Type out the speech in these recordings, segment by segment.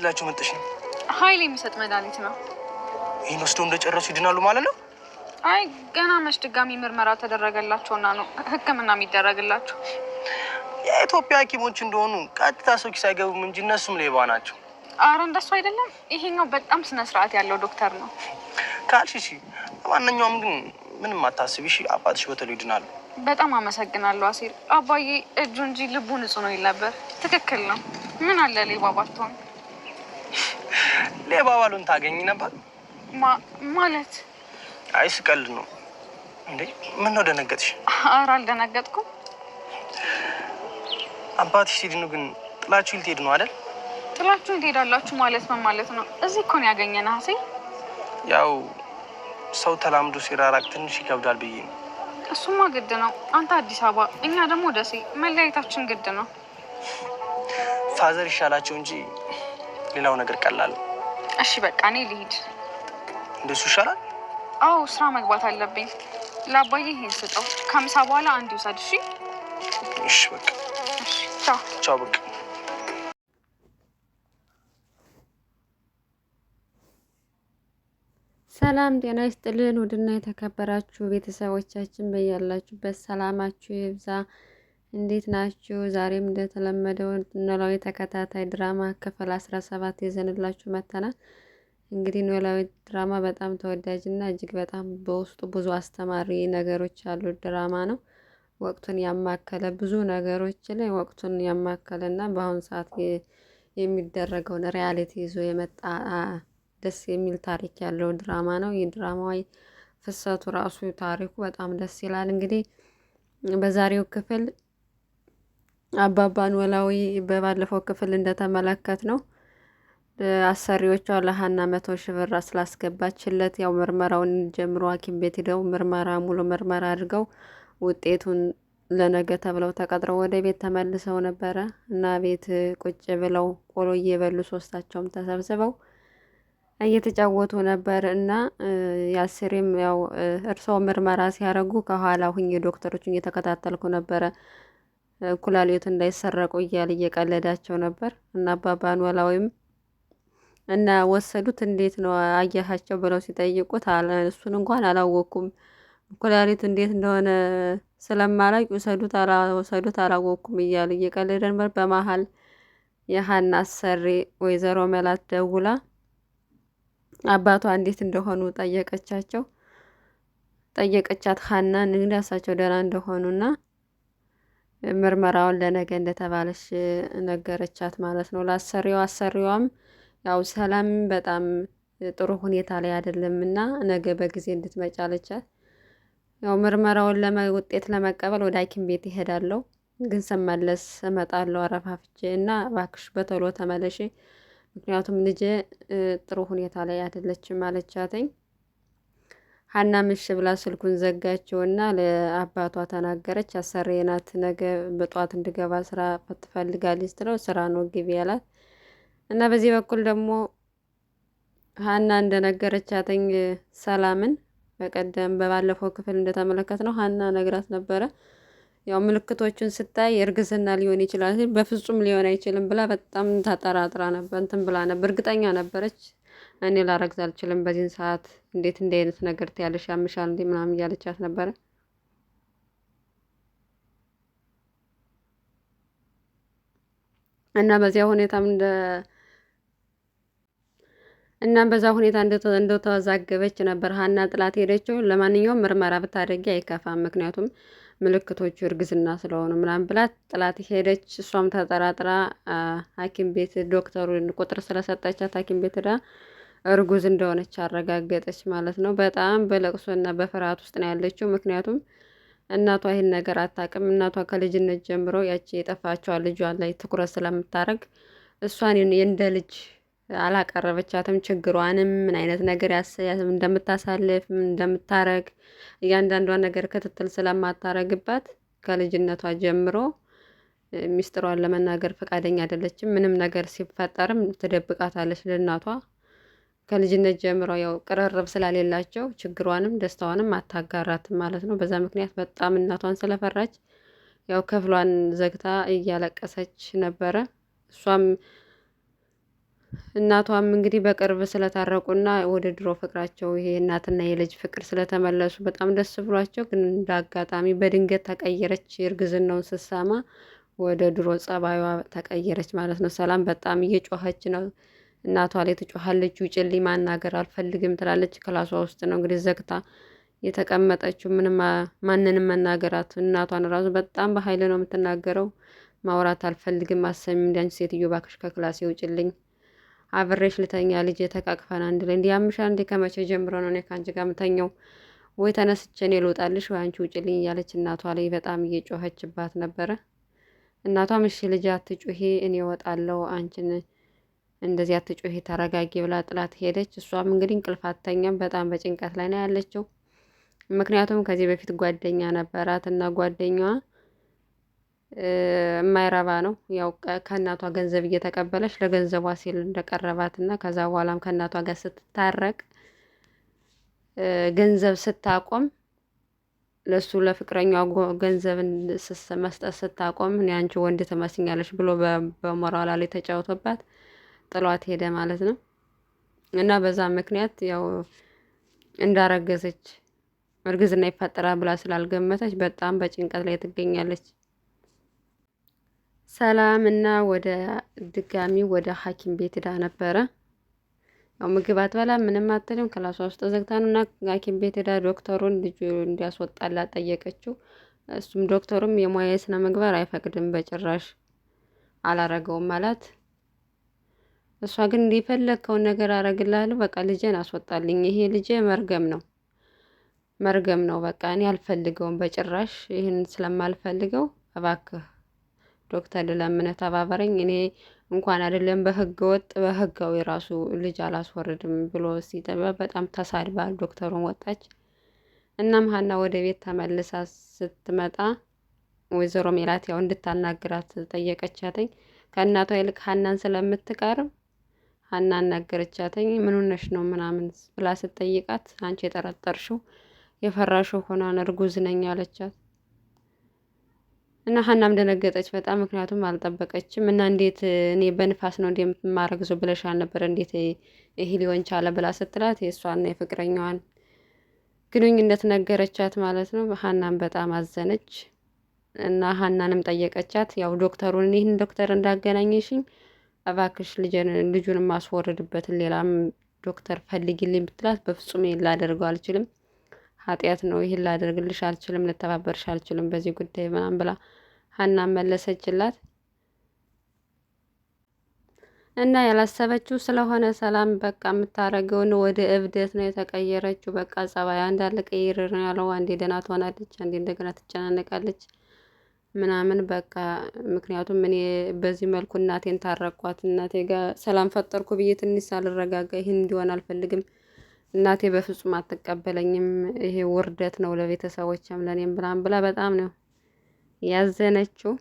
ይላችሁ መጥሽ ነው ኃይል የሚሰጥ መድኃኒት ነው። ይህን ወስደው እንደጨረሱ ይድናሉ ማለት ነው። አይ ገና መች ድጋሚ ምርመራ ተደረገላቸውና ነው ሕክምና የሚደረግላቸው። የኢትዮጵያ ሐኪሞች እንደሆኑ ቀጥታ ሰው ኪስ አይገቡም እንጂ እነሱም ሌባ ናቸው። አረ እንደሱ አይደለም። ይሄኛው በጣም ስነ ስርዓት ያለው ዶክተር ነው ካልሽ እሺ። ማንኛውም ግን ምንም አታስቢ እሺ። አባትሽ በተሉ ይድናሉ። በጣም አመሰግናለሁ አሲር። አባዬ እጁ እንጂ ልቡ ንጹህ ነው ይል ነበር። ትክክል ነው። ምን አለ ሌባ ባትሆን ሌባ ባሉን ታገኝ ነበር ማለት? አይ ስቀልድ ነው። እንዴ ምን ነው ደነገጥሽ? ኧረ አልደነገጥኩም። አባትሽ ሲድኑ ግን ጥላችሁ ልትሄድ ነው አይደል? ጥላችሁ ትሄዳላችሁ ማለት ምን ማለት ነው? እዚህ እኮ ነው ያገኘን ሀሴ። ያው ሰው ተላምዶ ሲራራቅ ትንሽ ይከብዳል ብዬ ነው። እሱማ ግድ ነው። አንተ አዲስ አበባ፣ እኛ ደግሞ ደሴ፣ መለያየታችን ግድ ነው። ፋዘር ይሻላቸው እንጂ ሌላው ነገር ቀላል ነው። እሺ በቃ እኔ ልሂድ። እንደሱ ይሻላል። አዎ ስራ መግባት አለብኝ። ለአባዬ ይሄን ስጠው፣ ከምሳ በኋላ አንድ ይውሰድ። እሺ እሺ፣ በቃ ቻው በቃ ሰላም ጤና ይስጥልን። ውድና የተከበራችሁ ቤተሰቦቻችን በያላችሁበት ሰላማችሁ ይብዛ። እንዴት ናችሁ? ዛሬም እንደተለመደው ኖላዊ ተከታታይ ድራማ ክፍል አስራ ሰባት ይዘንላችሁ መጥተናል። እንግዲህ ኖላዊ ድራማ በጣም ተወዳጅ እና እጅግ በጣም በውስጡ ብዙ አስተማሪ ነገሮች ያሉት ድራማ ነው። ወቅቱን ያማከለ ብዙ ነገሮች ላይ ወቅቱን ያማከለ እና በአሁኑ ሰዓት የሚደረገውን ሪያሊቲ ይዞ የመጣ ደስ የሚል ታሪክ ያለው ድራማ ነው። የድራማዊ ፍሰቱ ራሱ ታሪኩ በጣም ደስ ይላል። እንግዲህ በዛሬው ክፍል አባባን ኖላዊ በባለፈው ክፍል እንደተመለከት ነው አሰሪዎቿ ለሀና መቶ ሺህ ብር ስላስገባችለት ያው ምርመራውን ጀምሮ ሐኪም ቤት ሂደው ምርመራ ሙሉ ምርመራ አድርገው ውጤቱን ለነገ ተብለው ተቀጥረው ወደ ቤት ተመልሰው ነበረ እና ቤት ቁጭ ብለው ቆሎ እየበሉ ሶስታቸውም ተሰብስበው እየተጫወቱ ነበር እና የአስሪም ያው እርሰው ምርመራ ሲያደርጉ ከኋላ ሁኝ ዶክተሮቹን እየተከታተልኩ ነበረ ኩላሊት እንዳይሰረቁ እያል እየቀለዳቸው ነበር እና አባባ ኖላዊም እና ወሰዱት። እንዴት ነው አያሃቸው ብለው ሲጠይቁት እሱን እንኳን አላወቅኩም ኩላሊት እንዴት እንደሆነ ስለማላቅ ውሰዱት አላወሰዱት አላወቅኩም እያሉ እየቀለደ ነበር። በመሀል የሀና አሰሪ ወይዘሮ መላት ደውላ አባቷ እንዴት እንደሆኑ ጠየቀቻቸው ጠየቀቻት ሀና እንግዲህ እሳቸው ደህና እንደሆኑና ምርመራውን ለነገ እንደተባለች ነገረቻት ማለት ነው ለአሰሪዋ። አሰሪዋም ያው ሰላም በጣም ጥሩ ሁኔታ ላይ አይደለም እና ነገ በጊዜ እንድትመጪ አለቻት። ያው ምርመራውን ውጤት ለመቀበል ወደ ሐኪም ቤት ይሄዳለሁ፣ ግን ስመለስ እመጣለሁ አረፋፍቼ እና እባክሽ በቶሎ ተመለሽ፣ ምክንያቱም ልጄ ጥሩ ሁኔታ ላይ አይደለችም አለቻትኝ። ሀና ምሽ ብላ ስልኩን ዘጋችውና ለአባቷ ተናገረች። አሰሪ ናት ነገ በጠዋት እንድገባ ስራ ትፈልጋለች ስትለው ስራ ነው ግቢ ያላት እና በዚህ በኩል ደግሞ ሀና እንደነገረች አተኝ ሰላምን በቀደም በባለፈው ክፍል እንደተመለከት ነው ሀና ነግራት ነበረ። ያው ምልክቶቹን ስታይ እርግዝና ሊሆን ይችላል፣ በፍጹም ሊሆን አይችልም ብላ በጣም ተጠራጥራ ነበር እንትን ብላ ነበር፣ እርግጠኛ ነበረች። እኔ ላረግዝ አልችልም በዚህን ሰዓት እንዴት እንዲህ አይነት ነገር ትያለሽ? ያምሻል እንዴ ምናምን እያለቻት ነበረ። እና በዚያ ሁኔታም እንደ እና በዛ ሁኔታ እንደተወዛገበች ነበር ሀና ጥላት ሄደችው። ለማንኛውም ምርመራ ብታደርጊ አይከፋም፣ ምክንያቱም ምልክቶቹ እርግዝና ስለሆኑ ምናምን ብላት ጥላት ሄደች። እሷም ተጠራጥራ ሐኪም ቤት ዶክተሩን ቁጥር ስለሰጠቻት ሐኪም ቤት ዳ እርጉዝ እንደሆነች አረጋገጠች ማለት ነው። በጣም በለቅሶና በፍርሃት ውስጥ ነው ያለችው። ምክንያቱም እናቷ ይህን ነገር አታውቅም። እናቷ ከልጅነት ጀምሮ ያቺ የጠፋቸዋ ልጇ ላይ ትኩረት ስለምታደርግ እሷን እንደ ልጅ አላቀረበቻትም። ችግሯንም ምን አይነት ነገር እንደምታሳልፍ እንደምታረግ እያንዳንዷን ነገር ክትትል ስለማታረግባት ከልጅነቷ ጀምሮ ሚስጥሯን ለመናገር ፈቃደኛ አይደለችም። ምንም ነገር ሲፈጠርም ትደብቃታለች ለእናቷ። ከልጅነት ጀምሮ ያው ቅርርብ ስለሌላቸው ችግሯንም ደስታዋንም አታጋራትም ማለት ነው። በዛ ምክንያት በጣም እናቷን ስለፈራች ያው ከፍሏን ዘግታ እያለቀሰች ነበረ። እሷም እናቷም እንግዲህ በቅርብ ስለታረቁና ወደ ድሮ ፍቅራቸው ይሄ እናትና የልጅ ፍቅር ስለተመለሱ በጣም ደስ ብሏቸው፣ ግን እንደ አጋጣሚ በድንገት ተቀየረች። እርግዝናውን ስትሰማ ወደ ድሮ ጸባዩዋ ተቀየረች ማለት ነው። ሰላም በጣም እየጮኸች ነው እናቷ ላይ ትጮኻለች። ውጭልኝ ማናገር አልፈልግም ትላለች። ክላሷ ውስጥ ነው እንግዲህ ዘግታ የተቀመጠችው። ምንም ማንንም መናገራት እናቷን ራሱ በጣም በኃይል ነው የምትናገረው። ማውራት አልፈልግም አሰሚ እንዲያንች ሴትዮ ባክሽ ከክላሴ ውጭልኝ አብሬሽ ልተኛ ልጅ የተቃቅፈን አንድ ላይ እንዲህ እንዲያምሻ እንዴ ከመቼ ጀምሮ ነው እኔ ከአንቺ ጋር ምተኘው? ወይ ተነስቼ እኔ ልውጣልሽ ወይ አንቺ ውጭልኝ እያለች እናቷ ላይ በጣም እየጮኸችባት ነበረ። እናቷም እሺ ልጅ አትጩሄ እኔ እወጣለሁ አንቺን እንደዚያ አትጮሂ ተረጋጊ ብላ ጥላት ሄደች። እሷም እንግዲህ እንቅልፍ አተኛም፣ በጣም በጭንቀት ላይ ነው ያለችው። ምክንያቱም ከዚህ በፊት ጓደኛ ነበራት እና ጓደኛዋ የማይረባ ነው ያው ከእናቷ ገንዘብ እየተቀበለች ለገንዘቧ ሲል እንደቀረባት እና ከዛ በኋላም ከእናቷ ጋር ስትታረቅ ገንዘብ ስታቆም ለሱ ለፍቅረኛ ገንዘብ መስጠት ስታቆም አንቺ ወንድ ትመስኛለች ብሎ በሞራላ ላይ ተጫውቶባት ጥሏት ሄደ ማለት ነው። እና በዛ ምክንያት ያው እንዳረገዘች እርግዝና ይፈጠራል ብላ ስላልገመተች በጣም በጭንቀት ላይ ትገኛለች። ሰላም እና ወደ ድጋሚ ወደ ሐኪም ቤት ሄዳ ነበረ። ያው ምግብ አትበላም ምንም አትልም። ክላሷ ውስጥ ዘግታ ነው እና ሐኪም ቤት ሄዳ ዶክተሩን ልጁ እንዲያስወጣላት ጠየቀችው። እሱም ዶክተሩም የሙያ ስነ ምግባር አይፈቅድም በጭራሽ አላረገውም አላት። እሷ ግን እንዲፈለግከውን ነገር አረግልሃለሁ፣ በቃ ልጄን አስወጣልኝ፣ ይሄ ልጄ መርገም ነው መርገም ነው፣ በቃ እኔ አልፈልገውም በጭራሽ፣ ይህን ስለማልፈልገው እባክህ ዶክተር ለምነት አባበረኝ፣ እኔ እንኳን አይደለም በህገ ወጥ በህጋዊ ራሱ ልጅ አላስወርድም ብሎ ሲጠባ በጣም ተሳድባል። ዶክተሩን ወጣች። እናም ሀና ወደ ቤት ተመልሳ ስትመጣ ወይዘሮ ሜላት ያው እንድታናግራት ጠየቀቻተኝ ከእናቷ ይልቅ ሀናን ስለምትቀርብ አናናገረቻተኝ ነገረቻተኝ። ነው ምናምን ብላ ስጠይቃት አንቺ የጠረጠርሽው የፈራሽው ሆኗን እርጉዝ ነኝ አለቻት እና ሀናም ደነገጠች በጣም ምክንያቱም አልጠበቀችም። እና እንዴት እኔ በንፋስ ነው እንደማረግዞ ብለሽ አልነበረ እንዴት ይህ ሊሆን ቻለ ብላ ስትላት የእሷና የፍቅረኛዋን ግንኙነት ነገረቻት ማለት ነው። ሀናም በጣም አዘነች እና ሀናንም ጠየቀቻት። ያው ዶክተሩን ይህን ዶክተር እንዳገናኘሽኝ እባክሽ ልጁን ማስወረድበትን ሌላም ዶክተር ፈልጊልኝ ብትላት በፍጹም ይህን ላደርገው አልችልም፣ ኃጢአት ነው፣ ይህን ላደርግልሽ አልችልም፣ ልተባበርሽ አልችልም በዚህ ጉዳይ ምናምን ብላ ሀና መለሰችላት። እና ያላሰበችው ስለሆነ ሰላም በቃ የምታደርገውን ወደ እብደት ነው የተቀየረችው። በቃ ጸባይ አንድ አለ ቀይር ነው ያለው። አንዴ ደህና ትሆናለች፣ አንዴ እንደገና ትጨናነቃለች። ምናምን በቃ ምክንያቱም እኔ በዚህ መልኩ እናቴን ታረኳት፣ እናቴ ጋር ሰላም ፈጠርኩ ብዬ ትንሽ ሳልረጋጋ ይህን እንዲሆን አልፈልግም። እናቴ በፍጹም አትቀበለኝም፣ ይሄ ውርደት ነው ለቤተሰቦችም ለእኔም ብላም ብላ በጣም ነው ያዘነችው።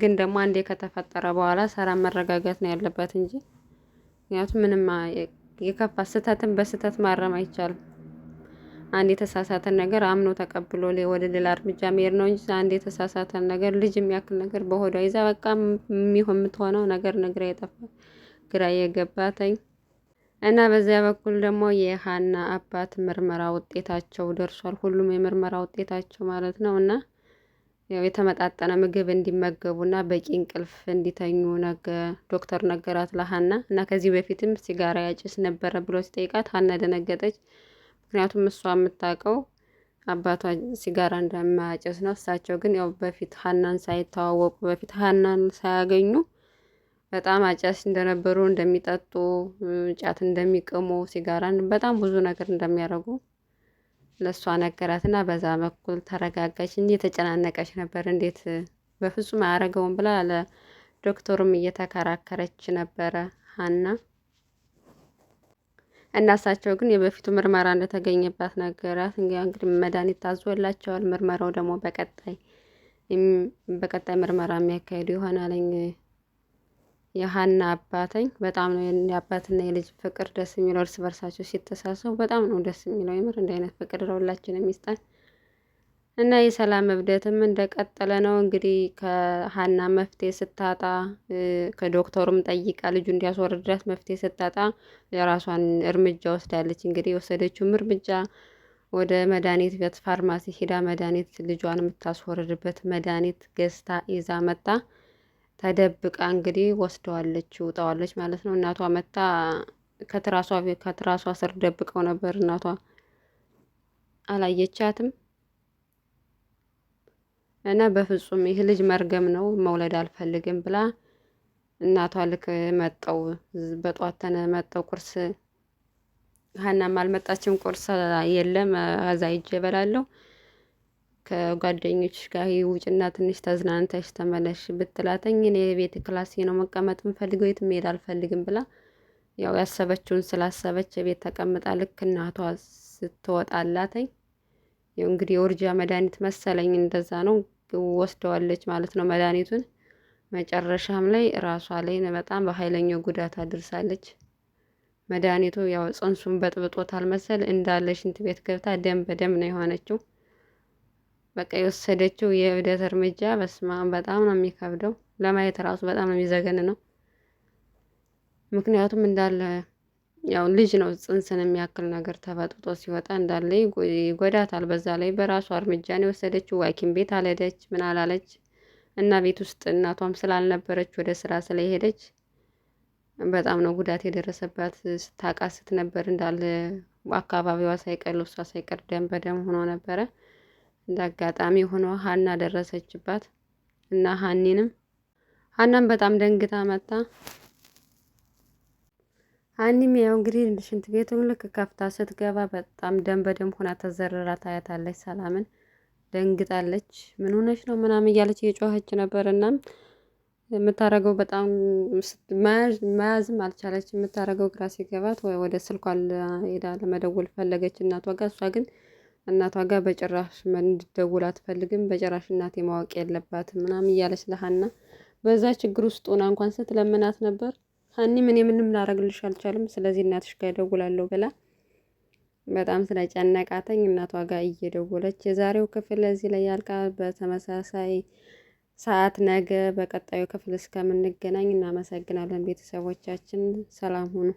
ግን ደግሞ አንዴ ከተፈጠረ በኋላ ሰላም መረጋጋት ነው ያለባት እንጂ ምክንያቱም ምንም የከፋ ስህተትን በስህተት ማረም አይቻልም። አንድ የተሳሳተን ነገር አምኖ ተቀብሎ ወደ ሌላ እርምጃ መሄድ ነው እንጂ አንድ የተሳሳተን ነገር ልጅ የሚያክል ነገር በሆዷ ይዛ በቃ የሚሆን የምትሆነው ነገር ነግራ የጠፋ ግራ የገባተኝ እና በዚያ በኩል ደግሞ የሀና አባት ምርመራ ውጤታቸው ደርሷል። ሁሉም የምርመራ ውጤታቸው ማለት ነው እና ያው የተመጣጠነ ምግብ እንዲመገቡ እንዲመገቡና በቂ እንቅልፍ እንዲተኙ ነገ ዶክተር ነገራት ለሀና እና ከዚህ በፊትም ሲጋራ ያጭስ ነበረ ብሎ ሲጠይቃት ሀና ደነገጠች። ምክንያቱም እሷ የምታውቀው አባቷ ሲጋራ እንደማያጨስ ነው። እሳቸው ግን ያው በፊት ሀናን ሳይተዋወቁ በፊት ሀናን ሳያገኙ በጣም አጫሽ እንደነበሩ እንደሚጠጡ፣ ጫት እንደሚቅሙ፣ ሲጋራን በጣም ብዙ ነገር እንደሚያደርጉ ለእሷ ነገራትና በዛ በኩል ተረጋጋች እንጂ የተጨናነቀች ነበር። እንዴት በፍጹም አያደርገውም ብላ ለዶክተሩም እየተከራከረች ነበረ ሀና። እናሳቸው ግን የበፊቱ ምርመራ እንደተገኘባት ነገራት። እንግዲህ መድኃኒት ታዞላቸዋል። ምርመራው ደግሞ በቀጣይ በቀጣይ ምርመራ የሚያካሄዱ ይሆናለኝ። የሀና አባተኝ በጣም ነው የአባትና የልጅ ፍቅር ደስ የሚለው። እርስ በርሳቸው ሲተሳሰቡ በጣም ነው ደስ የሚለው። የምር እንደ አይነት ፍቅር ለሁላችንም ይስጠን። እና የሰላም እብደትም እንደቀጠለ ነው። እንግዲህ ከሀና መፍትሄ ስታጣ ከዶክተሩም ጠይቃ ልጁ እንዲያስወርዳት መፍትሄ ስታጣ የራሷን እርምጃ ወስዳለች። እንግዲህ የወሰደችውም እርምጃ ወደ መድኃኒት ቤት ፋርማሲ ሂዳ መድኃኒት ልጇን የምታስወርድበት መድኃኒት ገዝታ ይዛ መጣ። ተደብቃ እንግዲህ ወስደዋለች፣ ውጠዋለች ማለት ነው። እናቷ መታ ከትራሷ ከትራሷ ስር ደብቀው ነበር። እናቷ አላየቻትም። እና በፍጹም ይህ ልጅ መርገም ነው መውለድ አልፈልግም ብላ እናቷ ልክ መጠው በጧት ተነ መጠው ቁርስ ሀናም አልመጣችም። ቁርስ የለም አዛ ይዤ እበላለሁ ከጓደኞች ጋር ውጭና ትንሽ ተዝናንተሽ ተመለሽ ብትላተኝ እኔ የቤት ክላሴ ነው መቀመጥ ምፈልገው የት መሄድ አልፈልግም ብላ ያው ያሰበችውን ስላሰበች ቤት ተቀምጣ ልክ እናቷ ስትወጣላተኝ እንግዲህ የውርጃ መድኃኒት መሰለኝ እንደዛ ነው ወስደዋለች ማለት ነው መድኃኒቱን። መጨረሻም ላይ ራሷ ላይ በጣም በኃይለኛው ጉዳት አድርሳለች። መድኃኒቱ ያው ጽንሱን በጥብጦታል መሰል እንዳለ ሽንት ቤት ገብታ ደም በደም ነው የሆነችው። በቃ የወሰደችው የእብደት እርምጃ በስማ በጣም ነው የሚከብደው ለማየት ራሱ በጣም ነው የሚዘገን ነው። ምክንያቱም እንዳለ ያው ልጅ ነው ጽንስን የሚያክል ነገር ተፈጥጦ ሲወጣ እንዳለ ይጎዳታል። በዛ ላይ በራሷ እርምጃን የወሰደችው ዋኪም ቤት አልሄደች ምን አላለች እና ቤት ውስጥ እናቷም ስላልነበረች ወደ ስራ ስለሄደች በጣም ነው ጉዳት የደረሰባት። ስታቃስት ነበር እንዳለ አካባቢዋ ሳይቀር ልብሷ ሳይቀር ደም በደም ሆኖ ነበረ። እንደ አጋጣሚ ሆኖ ሀና ደረሰችባት እና ሀኒንም ሀናም በጣም ደንግታ መታ ሀኒም ያው እንግዲህ ሽንት ቤቱን ልክ ከፍታ ስትገባ በጣም ደም በደም ሆና ተዘርራ ታያታለች። ሰላምን ደንግጣለች። ምን ሆነች ነው ምናምን እያለች እየጮኸች ነበር። እና የምታረገው በጣም መያዝም አልቻለች። የምታረገው ግራ ሲገባት ወደ ስልኳ ሄዳ ለመደወል ፈለገች እናቷ ጋር። እሷ ግን እናቷ ጋር በጭራሽ እንድደውል አትፈልግም። በጭራሽ እናቴ ማወቅ የለባትም ምናምን እያለች ለሀና በዛ ችግር ውስጥ ሆና እንኳን ስትለምናት ነበር። ሀኒ ምን የምንም ላረግልሽ አልቻልም፣ ስለዚህ እናትሽ ጋር እደውላለሁ ብላ በጣም ስለጨነቃተኝ እናቷ ጋር እየደወለች የዛሬው ክፍል እዚህ ላይ ያልቃል። በተመሳሳይ ሰዓት ነገ በቀጣዩ ክፍል እስከምንገናኝ እናመሰግናለን። ቤተሰቦቻችን ሰላም ሁኑ።